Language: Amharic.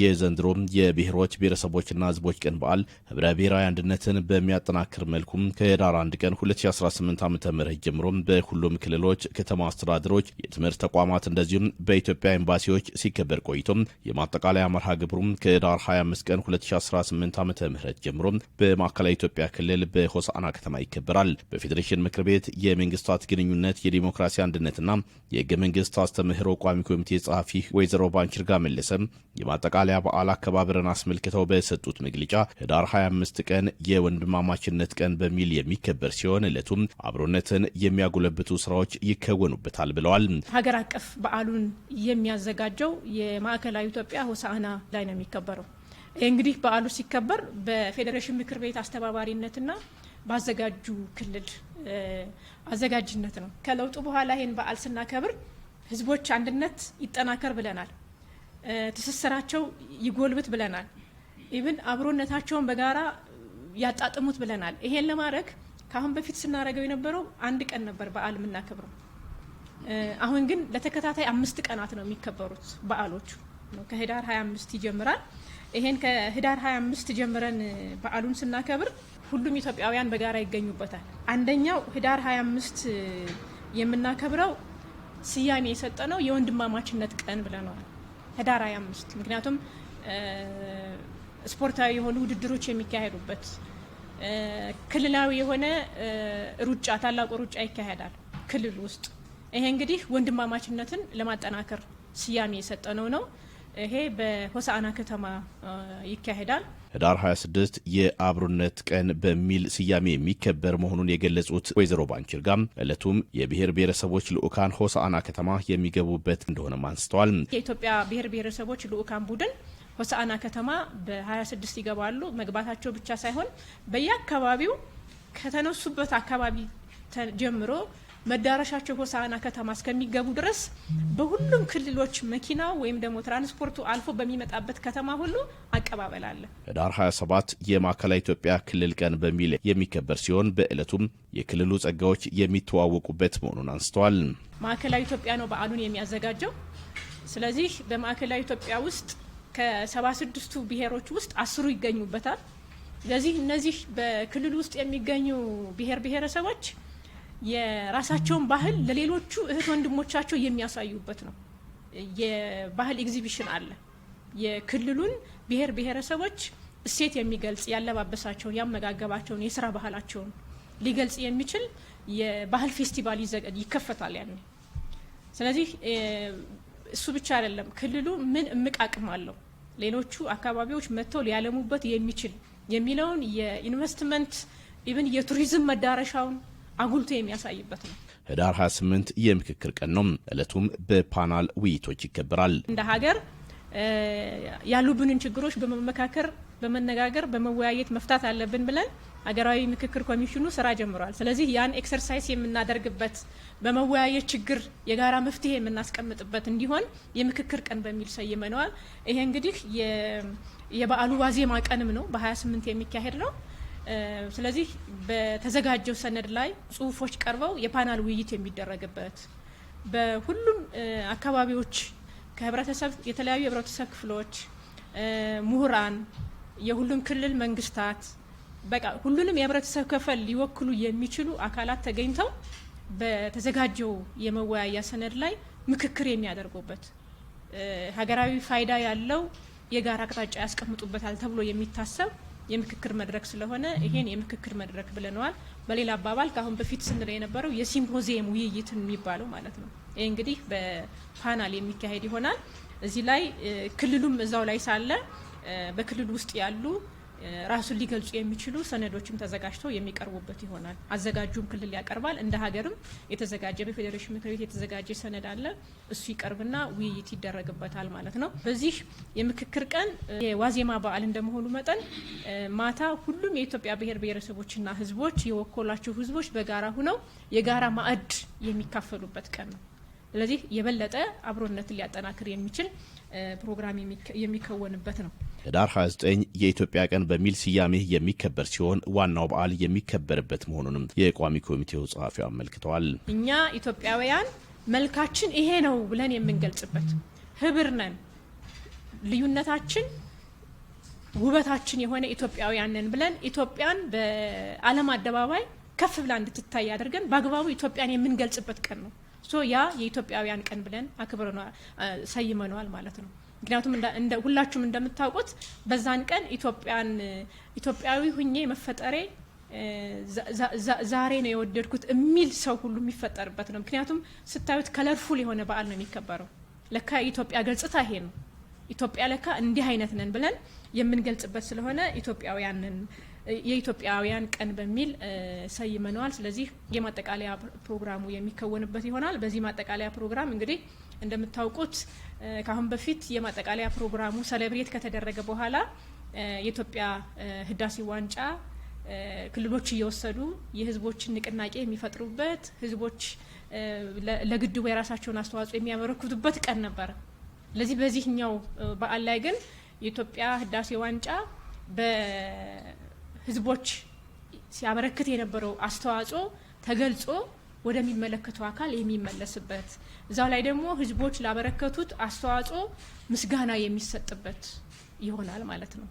የዘንድሮም የብሔሮች ብሔረሰቦችና ህዝቦች ቀን በዓል ህብረ ብሔራዊ አንድነትን በሚያጠናክር መልኩም ከህዳር 1 ቀን 2018 ዓ ም ጀምሮ በሁሉም ክልሎች ከተማ አስተዳደሮች፣ የትምህርት ተቋማት እንደዚሁም በኢትዮጵያ ኤምባሲዎች ሲከበር ቆይቶም የማጠቃለያ መርሃ ግብሩም ከህዳር 25 ቀን 2018 ዓ ም ጀምሮ በማዕከላዊ ኢትዮጵያ ክልል በሆሳዕና ከተማ ይከበራል። በፌዴሬሽን ምክር ቤት የመንግስታት ግንኙነት የዲሞክራሲ አንድነትና የህገ መንግስት አስተምህሮ ቋሚ ኮሚቴ ጸሐፊ ወይዘሮ ባንችርጋ መለሰም የማጠቃ የጣሊያ በዓል አከባበርን አስመልክተው በሰጡት መግለጫ ህዳር 25 ቀን የወንድማማችነት ቀን በሚል የሚከበር ሲሆን ዕለቱም አብሮነትን የሚያጎለብቱ ስራዎች ይከወኑበታል ብለዋል። ሀገር አቀፍ በዓሉን የሚያዘጋጀው የማዕከላዊ ኢትዮጵያ ሆሳዕና ላይ ነው የሚከበረው። እንግዲህ በዓሉ ሲከበር በፌዴሬሽን ምክር ቤት አስተባባሪነትና በአዘጋጁ ክልል አዘጋጅነት ነው። ከለውጡ በኋላ ይህን በዓል ስናከብር ህዝቦች አንድነት ይጠናከር ብለናል። ትስስራቸው ይጎልብት ብለናል። ኢብን አብሮነታቸውን በጋራ ያጣጥሙት ብለናል። ይሄን ለማድረግ ከአሁን በፊት ስናደርገው የነበረው አንድ ቀን ነበር በዓል የምናከብረው። አሁን ግን ለተከታታይ አምስት ቀናት ነው የሚከበሩት በዓሎቹ። ከህዳር 25 ይጀምራል። ይሄን ከህዳር 25 ጀምረን በዓሉን ስናከብር ሁሉም ኢትዮጵያውያን በጋራ ይገኙበታል። አንደኛው ህዳር 25 የምናከብረው ስያሜ የሰጠነው የወንድማማችነት ቀን ብለነዋል። ህዳር 25 ምክንያቱም ስፖርታዊ የሆኑ ውድድሮች የሚካሄዱበት ክልላዊ የሆነ ሩጫ ታላቁ ሩጫ ይካሄዳል ክልል ውስጥ። ይሄ እንግዲህ ወንድማማችነትን ለማጠናከር ስያሜ የሰጠነው ነው። ይሄ በሆሳአና ከተማ ይካሄዳል። ህዳር 26 የአብሮነት ቀን በሚል ስያሜ የሚከበር መሆኑን የገለጹት ወይዘሮ ጋም እለቱም የብሔር ብሔረሰቦች ልዑካን ሆሳአና ከተማ የሚገቡበት እንደሆነም አንስተዋል። የኢትዮጵያ ብሔር ብሔረሰቦች ልዑካን ቡድን ሆሳአና ከተማ በ26 ይገባሉ። መግባታቸው ብቻ ሳይሆን በየአካባቢው ከተነሱበት አካባቢ ጀምሮ መዳረሻቸው ሆሳና ከተማ እስከሚገቡ ድረስ በሁሉም ክልሎች መኪናው ወይም ደግሞ ትራንስፖርቱ አልፎ በሚመጣበት ከተማ ሁሉ አቀባበል አለ። ህዳር 27 የማዕከላዊ ኢትዮጵያ ክልል ቀን በሚል የሚከበር ሲሆን በዕለቱም የክልሉ ጸጋዎች የሚተዋወቁበት መሆኑን አንስተዋል። ማዕከላዊ ኢትዮጵያ ነው በዓሉን የሚያዘጋጀው። ስለዚህ በማዕከላዊ ኢትዮጵያ ውስጥ ከሰባ ስድስቱ ብሔሮች ውስጥ አስሩ ይገኙበታል። ስለዚህ እነዚህ በክልሉ ውስጥ የሚገኙ ብሔር ብሔረሰቦች የራሳቸውን ባህል ለሌሎቹ እህት ወንድሞቻቸው የሚያሳዩበት ነው። የባህል ኤግዚቢሽን አለ። የክልሉን ብሔር ብሔረሰቦች እሴት የሚገልጽ ያለባበሳቸውን፣ ያመጋገባቸውን፣ የስራ ባህላቸውን ሊገልጽ የሚችል የባህል ፌስቲቫል ይከፈታል ያኔ። ስለዚህ እሱ ብቻ አይደለም፣ ክልሉ ምን እምቅ አቅም አለው ሌሎቹ አካባቢዎች መጥተው ሊያለሙበት የሚችል የሚለውን የኢንቨስትመንት ኢቨን የቱሪዝም መዳረሻውን አጉልቶ የሚያሳይበት ነው። ህዳር 28 የምክክር ቀን ነው። እለቱም በፓናል ውይይቶች ይከበራል። እንደ ሀገር ያሉብንን ችግሮች በመመካከር በመነጋገር በመወያየት መፍታት አለብን ብለን ሀገራዊ ምክክር ኮሚሽኑ ስራ ጀምሯል። ስለዚህ ያን ኤክሰርሳይዝ የምናደርግበት በመወያየት ችግር የጋራ መፍትሄ የምናስቀምጥበት እንዲሆን የምክክር ቀን በሚል ሰይመነዋል። ይሄ እንግዲህ የበዓሉ ዋዜማ ቀንም ነው፣ በ28 የሚካሄድ ነው። ስለዚህ በተዘጋጀው ሰነድ ላይ ጽሁፎች ቀርበው የፓናል ውይይት የሚደረግበት በሁሉም አካባቢዎች ከህብረተሰብ የተለያዩ የህብረተሰብ ክፍሎች ምሁራን፣ የሁሉም ክልል መንግስታት በቃ ሁሉንም የህብረተሰብ ክፍል ሊወክሉ የሚችሉ አካላት ተገኝተው በተዘጋጀው የመወያያ ሰነድ ላይ ምክክር የሚያደርጉበት ሀገራዊ ፋይዳ ያለው የጋራ አቅጣጫ ያስቀምጡበታል ተብሎ የሚታሰብ የምክክር መድረክ ስለሆነ ይሄን የምክክር መድረክ ብለነዋል። በሌላ አባባል ከአሁን በፊት ስንል የነበረው የሲምፖዚየም ውይይት የሚባለው ማለት ነው። ይህ እንግዲህ በፓናል የሚካሄድ ይሆናል። እዚህ ላይ ክልሉም እዛው ላይ ሳለ በክልሉ ውስጥ ያሉ ራሱን ሊገልጹ የሚችሉ ሰነዶችም ተዘጋጅተው የሚቀርቡበት ይሆናል። አዘጋጁም ክልል ያቀርባል። እንደ ሀገርም የተዘጋጀ በፌዴሬሽን ምክር ቤት የተዘጋጀ ሰነድ አለ። እሱ ይቀርብና ውይይት ይደረግበታል ማለት ነው። በዚህ የምክክር ቀን የዋዜማ በዓል እንደመሆኑ መጠን ማታ ሁሉም የኢትዮጵያ ብሔር ብሔረሰቦችና ህዝቦች የወከሏቸው ህዝቦች በጋራ ሁነው የጋራ ማዕድ የሚካፈሉበት ቀን ነው። ስለዚህ የበለጠ አብሮነትን ሊያጠናክር የሚችል ፕሮግራም የሚከወንበት ነው። ህዳር 29 የኢትዮጵያ ቀን በሚል ስያሜ የሚከበር ሲሆን ዋናው በዓል የሚከበርበት መሆኑንም የቋሚ ኮሚቴው ጸሐፊው አመልክተዋል። እኛ ኢትዮጵያውያን መልካችን ይሄ ነው ብለን የምንገልጽበት ህብር ነን። ልዩነታችን ውበታችን የሆነ ኢትዮጵያውያን ነን ብለን ኢትዮጵያን በዓለም አደባባይ ከፍ ብላ እንድትታይ አድርገን በአግባቡ ኢትዮጵያን የምንገልጽበት ቀን ነው። ሶ ያ የኢትዮጵያውያን ቀን ብለን አክብረ ሰይመነዋል ማለት ነው። ምክንያቱም ሁላችሁም እንደምታውቁት በዛን ቀን ኢትዮጵያን ኢትዮጵያዊ ሁኜ መፈጠሬ ዛሬ ነው የወደድኩት የሚል ሰው ሁሉ የሚፈጠርበት ነው። ምክንያቱም ስታዩት ከለርፉል የሆነ በዓል ነው የሚከበረው። ለካ የኢትዮጵያ ገጽታ ይሄ ነው። ኢትዮጵያ ለካ እንዲህ አይነት ነን ብለን የምንገልጽበት ስለሆነ ኢትዮጵያውያንን የኢትዮጵያውያን ቀን በሚል ሰይመነዋል። ስለዚህ የማጠቃለያ ፕሮግራሙ የሚከወንበት ይሆናል። በዚህ ማጠቃለያ ፕሮግራም እንግዲህ እንደምታውቁት ከአሁን በፊት የማጠቃለያ ፕሮግራሙ ሰሌብሬት ከተደረገ በኋላ የኢትዮጵያ ህዳሴ ዋንጫ ክልሎች እየወሰዱ የህዝቦችን ንቅናቄ የሚፈጥሩበት ህዝቦች ለግድቡ የራሳቸውን አስተዋጽኦ የሚያበረክቱበት ቀን ነበር። ለዚህ በዚህኛው በዓል ላይ ግን የኢትዮጵያ ህዳሴ ዋንጫ ህዝቦች ሲያበረክት የነበረው አስተዋጽኦ ተገልጾ ወደሚመለከተው አካል የሚመለስበት እዛው ላይ ደግሞ ህዝቦች ላበረከቱት አስተዋጽኦ ምስጋና የሚሰጥበት ይሆናል ማለት ነው።